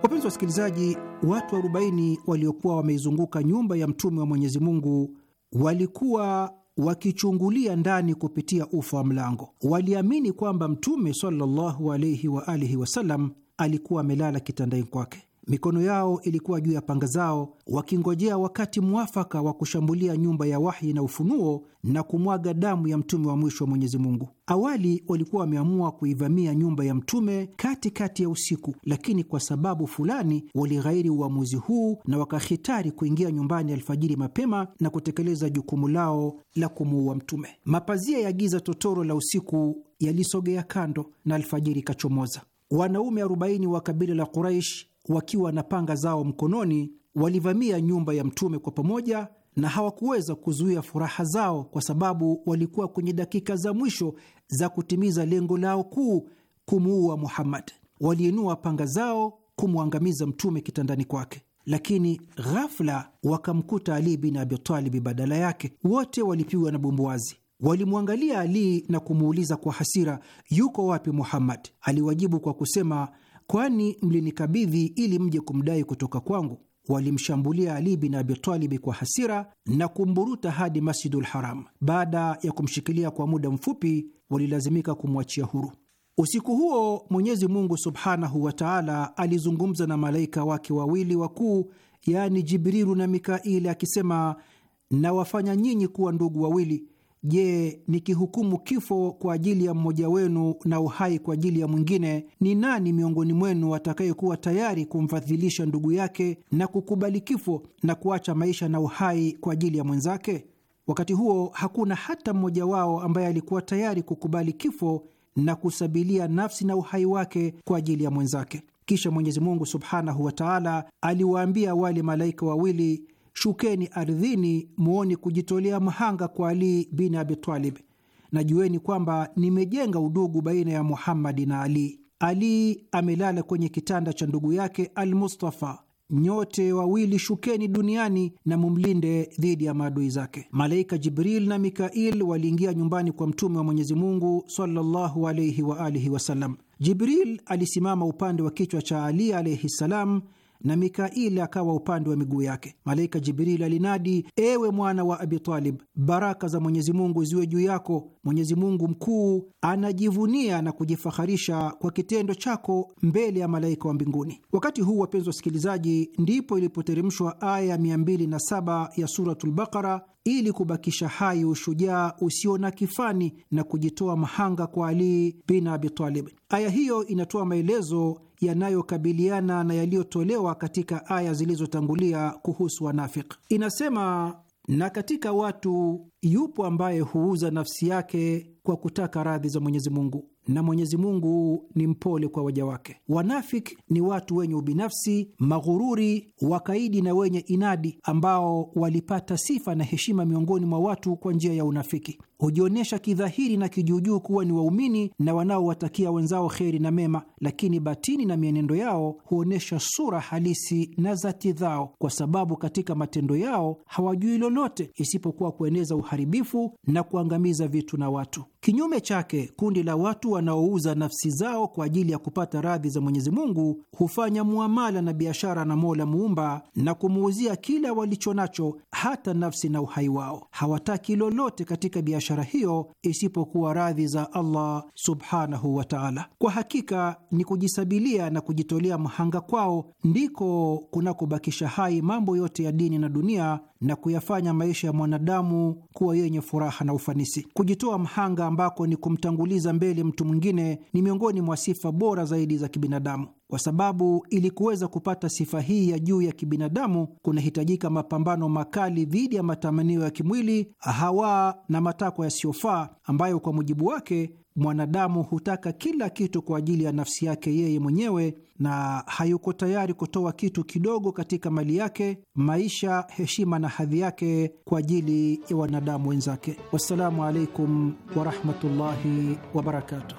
Wapenzi wasikilizaji, watu 40 waliokuwa wameizunguka nyumba ya Mtume wa Mwenyezi Mungu walikuwa wakichungulia ndani kupitia ufa wa mlango. Waliamini kwamba Mtume sallallahu alaihi waalihi wasallam alikuwa amelala kitandani kwake. Mikono yao ilikuwa juu ya panga zao, wakingojea wakati mwafaka wa kushambulia nyumba ya wahi na ufunuo na kumwaga damu ya mtume wa mwisho wa Mwenyezi Mungu. Awali walikuwa wameamua kuivamia nyumba ya mtume katikati ya usiku, lakini kwa sababu fulani walighairi uamuzi huu na wakahitari kuingia nyumbani alfajiri mapema na kutekeleza jukumu lao la kumuua mtume. Mapazia ya giza totoro la usiku yalisogea kando na alfajiri ikachomoza. Wanaume 40 wa kabila la Quraish wakiwa na panga zao mkononi, walivamia nyumba ya Mtume kwa pamoja na hawakuweza kuzuia furaha zao, kwa sababu walikuwa kwenye dakika za mwisho za kutimiza lengo lao kuu, kumuua Muhammad. Waliinua panga zao kumwangamiza Mtume kitandani kwake, lakini ghafla wakamkuta Ali bin Abi Talib badala yake. Wote walipigwa na bumbuazi. Walimwangalia Ali na kumuuliza kwa hasira, yuko wapi Muhammad? Aliwajibu kwa kusema kwani mlinikabidhi ili mje kumdai kutoka kwangu. Walimshambulia Ali bin Abi kwa hasira na kumburuta hadi Masjidul Haram. Baada ya kumshikilia kwa muda mfupi, walilazimika kumwachia huru. Usiku huo Mwenyezi Mungu subhanahu wa taala alizungumza na malaika wake wawili wakuu, yaani Jibrilu na Mikaili, akisema, nawafanya nyinyi kuwa ndugu wawili Je, nikihukumu kifo kwa ajili ya mmoja wenu na uhai kwa ajili ya mwingine, ni nani miongoni mwenu atakayekuwa tayari kumfadhilisha ndugu yake na kukubali kifo na kuacha maisha na uhai kwa ajili ya mwenzake? Wakati huo hakuna hata mmoja wao ambaye alikuwa tayari kukubali kifo na kusabilia nafsi na uhai wake kwa ajili ya mwenzake. Kisha Mwenyezi Mungu subhanahu wa taala aliwaambia wale malaika wawili shukeni ardhini muone kujitolea mhanga kwa Ali bin Abi Talib, na jueni kwamba nimejenga udugu baina ya Muhammadi na Ali. Ali amelala kwenye kitanda cha ndugu yake Al Mustafa. Nyote wawili shukeni duniani na mumlinde dhidi ya maadui zake. Malaika Jibril na Mikail waliingia nyumbani kwa Mtume wa Mwenyezi Mungu sallallahu alaihi wa alihi wasallam. Jibril alisimama upande wa kichwa cha Ali alaihi ssalam na Mikaili akawa upande wa miguu yake. Malaika jibrili alinadi, ewe mwana wa Abitalib, baraka za Mwenyezi Mungu ziwe juu yako. Mwenyezi Mungu mkuu anajivunia na kujifaharisha kwa kitendo chako mbele ya malaika wa mbinguni. Wakati huu, wapenzi wasikilizaji, ndipo ilipoteremshwa aya 207 ya Suratul Baqara ili kubakisha hai ushujaa usio na kifani na kujitoa mahanga kwa Ali bin Abitalib. Aya hiyo inatoa maelezo yanayokabiliana na yaliyotolewa katika aya zilizotangulia kuhusu wanafiki. Inasema, na katika watu yupo ambaye huuza nafsi yake kwa kutaka radhi za Mwenyezi Mungu na Mwenyezi Mungu ni mpole kwa waja wake. Wanafiki ni watu wenye ubinafsi, maghururi, wakaidi na wenye inadi ambao walipata sifa na heshima miongoni mwa watu kwa njia ya unafiki. Hujionyesha kidhahiri na kijuujuu kuwa ni waumini na wanaowatakia wenzao kheri na mema, lakini batini na mienendo yao huonyesha sura halisi na zati zao, kwa sababu katika matendo yao hawajui lolote isipokuwa kueneza uharibifu na kuangamiza vitu na watu. Kinyume chake, kundi la watu wanaouza nafsi zao kwa ajili ya kupata radhi za Mwenyezi Mungu hufanya muamala na biashara na Mola Muumba na kumuuzia kila walicho nacho, hata nafsi na uhai wao. Hawataki lolote katika biashara hiyo isipokuwa radhi za Allah subhanahu wa taala. Kwa hakika ni kujisabilia na kujitolea mhanga kwao ndiko kunakobakisha hai mambo yote ya dini na dunia na kuyafanya maisha ya mwanadamu kuwa yenye furaha na ufanisi. Kujitoa mhanga ambako ni kumtanguliza mbele mtu mwingine ni miongoni mwa sifa bora zaidi za kibinadamu, kwa sababu ili kuweza kupata sifa hii ya juu ya kibinadamu kunahitajika mapambano makali dhidi ya matamanio ya kimwili, hawa na matakwa yasiyofaa, ambayo kwa mujibu wake mwanadamu hutaka kila kitu kwa ajili ya nafsi yake yeye mwenyewe na hayuko tayari kutoa kitu kidogo katika mali yake, maisha, heshima na hadhi yake kwa ajili ya wanadamu wenzake. Wassalamu alaikum warahmatullahi wabarakatuh.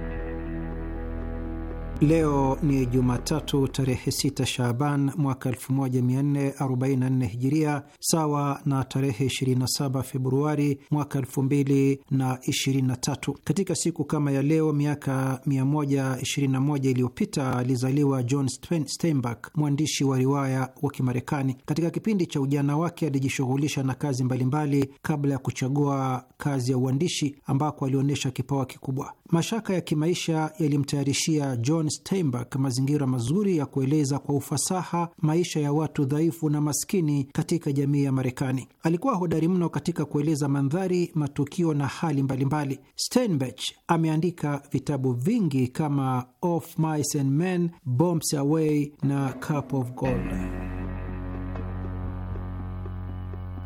Leo ni Jumatatu tarehe 6 Shaaban mwaka 1444 Hijiria, sawa na tarehe 27 Februari mwaka 2023. Katika siku kama ya leo miaka 121 iliyopita alizaliwa John Steinbeck, mwandishi wa riwaya wa Kimarekani. Katika kipindi cha ujana wake alijishughulisha na kazi mbalimbali kabla ya kuchagua kazi ya uandishi, ambako alionyesha kipawa kikubwa. Mashaka ya kimaisha yalimtayarishia John Steinbeck mazingira mazuri ya kueleza kwa ufasaha maisha ya watu dhaifu na maskini katika jamii ya Marekani. Alikuwa hodari mno katika kueleza mandhari, matukio na hali mbalimbali. Steinbeck ameandika vitabu vingi kama Of Mice and Men, Bombs Away na Cup of Gold.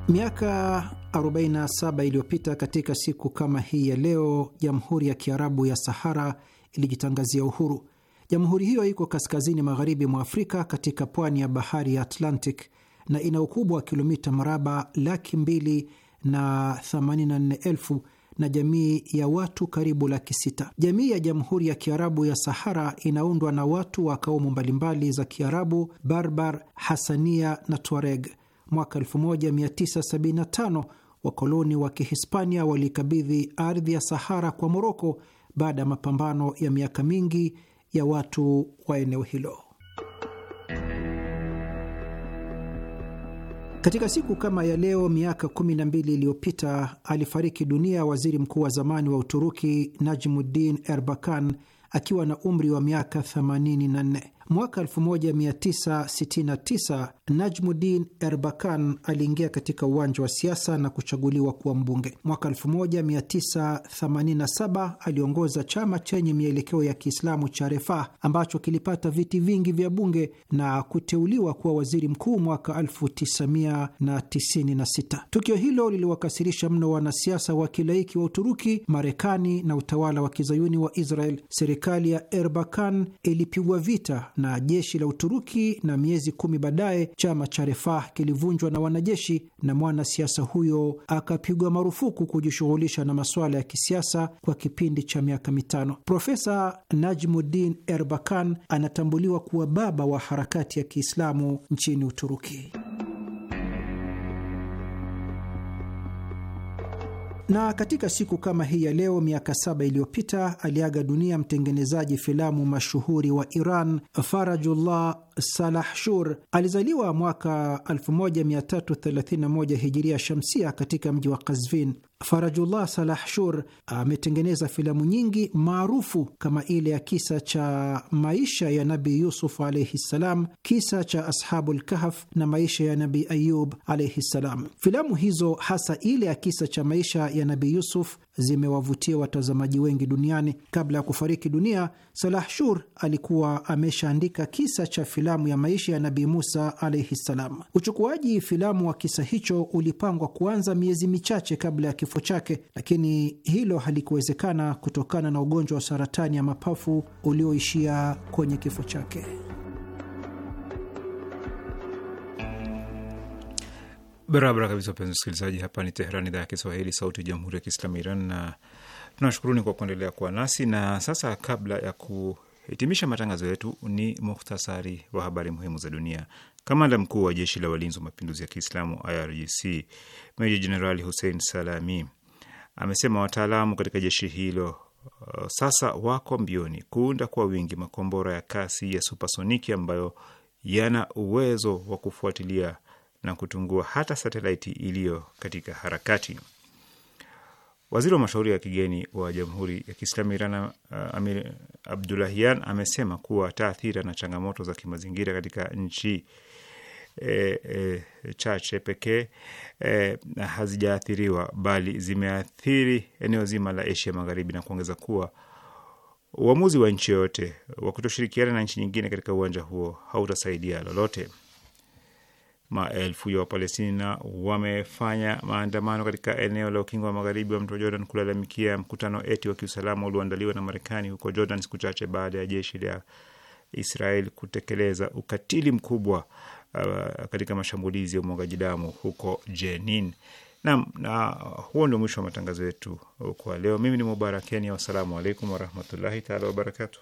Miaka 47 iliyopita katika siku kama hii ya leo, Jamhuri ya Kiarabu ya Sahara ilijitangazia uhuru. Jamhuri hiyo iko kaskazini magharibi mwa Afrika katika pwani ya bahari ya Atlantic na ina ukubwa wa kilomita mraba laki mbili na 84 elfu na jamii ya watu karibu laki sita. Jamii ya Jamhuri ya Kiarabu ya Sahara inaundwa na watu wa kaumu mbalimbali za Kiarabu, Barbar, Hasania na Tuareg. Mwaka 1975 wakoloni wa Kihispania walikabidhi ardhi ya Sahara kwa Moroko baada ya mapambano ya miaka mingi ya watu wa eneo hilo. Katika siku kama ya leo miaka 12 iliyopita alifariki dunia waziri mkuu wa zamani wa Uturuki Najmuddin Erbakan akiwa na umri wa miaka 84. Mwaka 1969 Najmudin Erbakan aliingia katika uwanja wa siasa na kuchaguliwa kuwa mbunge. Mwaka 1987 aliongoza chama chenye mielekeo ya Kiislamu cha Refah ambacho kilipata viti vingi vya bunge na kuteuliwa kuwa waziri mkuu mwaka 1996. Tukio hilo liliwakasirisha mno wanasiasa wa kilaiki wa Uturuki, Marekani na utawala wa kizayuni wa Israel. Serikali ya Erbakan ilipigwa vita na jeshi la Uturuki, na miezi kumi baadaye chama cha Refah kilivunjwa na wanajeshi na mwanasiasa huyo akapigwa marufuku kujishughulisha na masuala ya kisiasa kwa kipindi cha miaka mitano. Profesa Najmuddin Erbakan anatambuliwa kuwa baba wa harakati ya Kiislamu nchini Uturuki. Na katika siku kama hii ya leo miaka saba iliyopita aliaga dunia mtengenezaji filamu mashuhuri wa Iran Farajullah Salahshur. Alizaliwa mwaka 1331 hijiria shamsia katika mji wa Kazvin. Farajullah Salahshur ametengeneza filamu nyingi maarufu kama ile ya kisa cha maisha ya Nabi Yusuf alaihi ssalam, kisa cha ashabu lkahf na maisha ya Nabi Ayub alaihi ssalam. Filamu hizo hasa ile ya kisa cha maisha ya Nabi Yusuf zimewavutia watazamaji wengi duniani. Kabla ya kufariki dunia, Salah Shur alikuwa ameshaandika kisa cha filamu ya maisha ya Nabii Musa alaihi ssalam. Uchukuaji filamu wa kisa hicho ulipangwa kuanza miezi michache kabla ya kifo chake, lakini hilo halikuwezekana kutokana na ugonjwa wa saratani ya mapafu ulioishia kwenye kifo chake. Barabara kabisa, wapenzi msikilizaji, hapa ni Teherani, idhaa ya Kiswahili, sauti ya jamhuri ya kiislamu Iran, na tunashukuruni kwa kuendelea kuwa nasi. Na sasa, kabla ya kuhitimisha matangazo yetu, ni muhtasari wa habari muhimu za dunia. Kamanda mkuu wa jeshi la walinzi wa mapinduzi ya Kiislamu IRGC Meja Jenerali Hussein Salami amesema wataalamu katika jeshi hilo uh, sasa wako mbioni kuunda kwa wingi makombora ya kasi ya supasoniki ambayo yana uwezo wa kufuatilia na kutungua hata satelaiti iliyo katika harakati. Waziri wa mashauri ya kigeni wa Jamhuri ya Kiislamu Iran uh, Amir Abdulahian amesema kuwa taathira na changamoto za kimazingira katika nchi E, e, chache pekee e, hazijaathiriwa bali zimeathiri eneo zima la Asia Magharibi, na kuongeza kuwa uamuzi wa nchi yoyote wa kutoshirikiana na nchi nyingine katika uwanja huo hautasaidia lolote. Maelfu ya Wapalestina wamefanya maandamano katika eneo la ukingo wa magharibi wa mto Jordan kulalamikia mkutano eti wa kiusalama ulioandaliwa na Marekani huko Jordan siku chache baada ya jeshi la Israel kutekeleza ukatili mkubwa uh, katika mashambulizi ya umwagaji damu huko Jenin. Naam, na huo ndio mwisho wa matangazo yetu kwa leo. Mimi ni Mubarakeni, wassalamu alaikum warahmatullahi taala wabarakatuh.